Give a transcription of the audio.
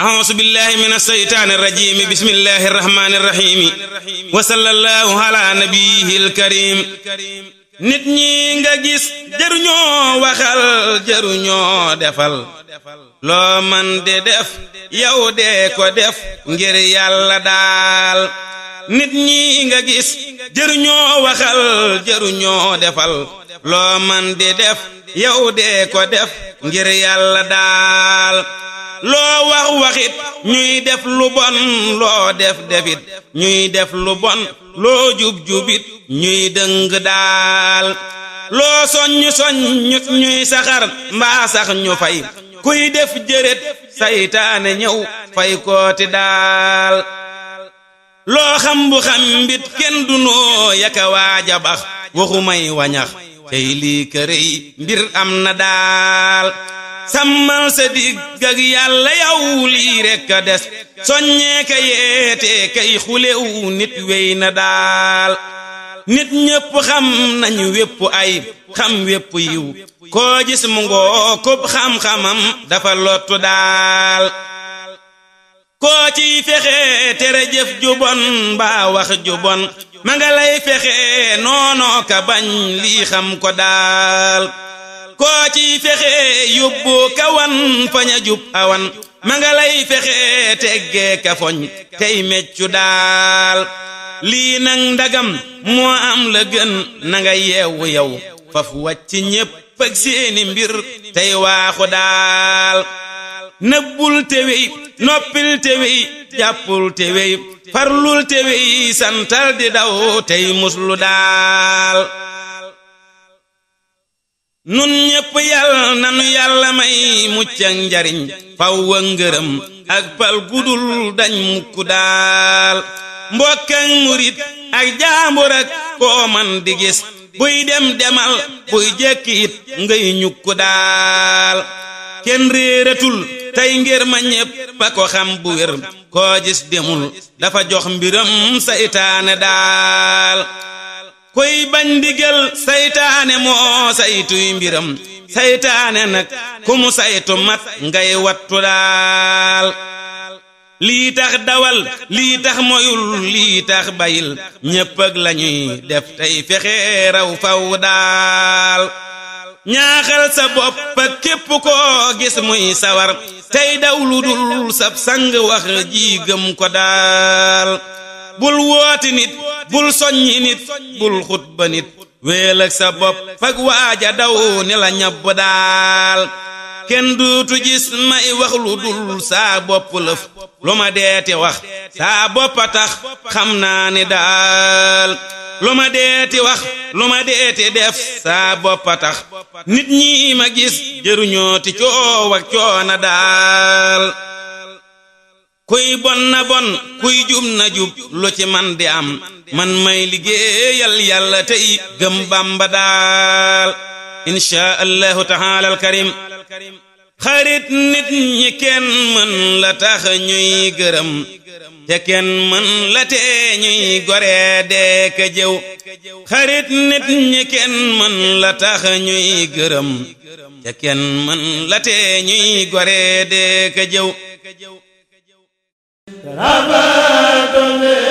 أعوذ بالله من الشيطان الرجيم بسم الله الرحمن الرحيم وصلى الله على نبيه الكريم nit ñi nga gis jëruñoo waxal jëruñoo defal loo def yow ko def ngir yàlla daal nit ñi nga gis jëruñoo waxal jëruñoo defal loo def yow ko def ngir yàlla daal war waxit ñuy def lu bon loo def defit ñuy def lu bon loo jub jubit ñuy dëng daal loo soññ soññ ñuy saxar mbaa sax ñu fay kuy def jërét saytaane ñëw fay kooti daal loo xam bu kenn du noo yaka waaja bax waxu may wañax tey lii kërëy mbir am na daal sàmmal sa digg ak yàlla yow lii rekk a des soññee ka yeetee kay xulewu nit wey na daal nit ñépp xam nañu wépp ay xam wépp yiw koo mu ngoo kub xam-xamam dafa lottu daal koo fexe tere jëf ju bon wax ju bon fexe noonoo ka bañ lii xam ko daal koo ciy fexe yóbbu kawan faña jub awan ma fexe teggee ka tey meccu daal lii nag ndagam moo am la gën na nga yeewu yow faf wàcc ñépp ak seeni mbir tey waaxu daal nëbbul tewey noppil tewey jàppul tewey farlul tewey santal di daw tey muslu daal nun ñépp yal nanu yàlla may mucc njariñ faw ak ngërëm ak pal gudul dañ mukk daal mbokk ak murit ak jaambur ak di gis buy dem demal buy jekki ngay ñukk daal kenn réeratul tey ngir ma ko xam bu wér koo demul dafa jox mbiram saytaane daal koy bañ ndigal saytaane moo saytuy mbiram saytaane nag ku mu saytu mat ngay wattu daal lii tax dawal lii tax moyul lii tax bayil ñépp ak lañuy def tey fexe raw faw daal ñaaxal sa bopp képp koo gis muy sawar tey daw dul sab sang wax ji gëm ko daal bul wooti nit bul soññi nit bul xutba nit weel sa bopp fag waaja daw la ñabb daal kenn duutu gis may wax lu dul bopp lëf lu ma deeti wax saa bopp tax xam naa ni daal lu ma deeti wax lu ma deeti def saa bopp tax nit ñi ma gis jëruñoo ti coow ak coona daal kuy bon na kuy jub na jub lu ci man di am man may liggéeyal yàlla tey gëm bàmba daal inshaa allahu taala al karim xarit nit ñi kenn mën la tax ñuy gërëm te kenn mën la tee ñuy gore dee nit ñi kenn mën la tax ñuy gërëm te kenn mën la tee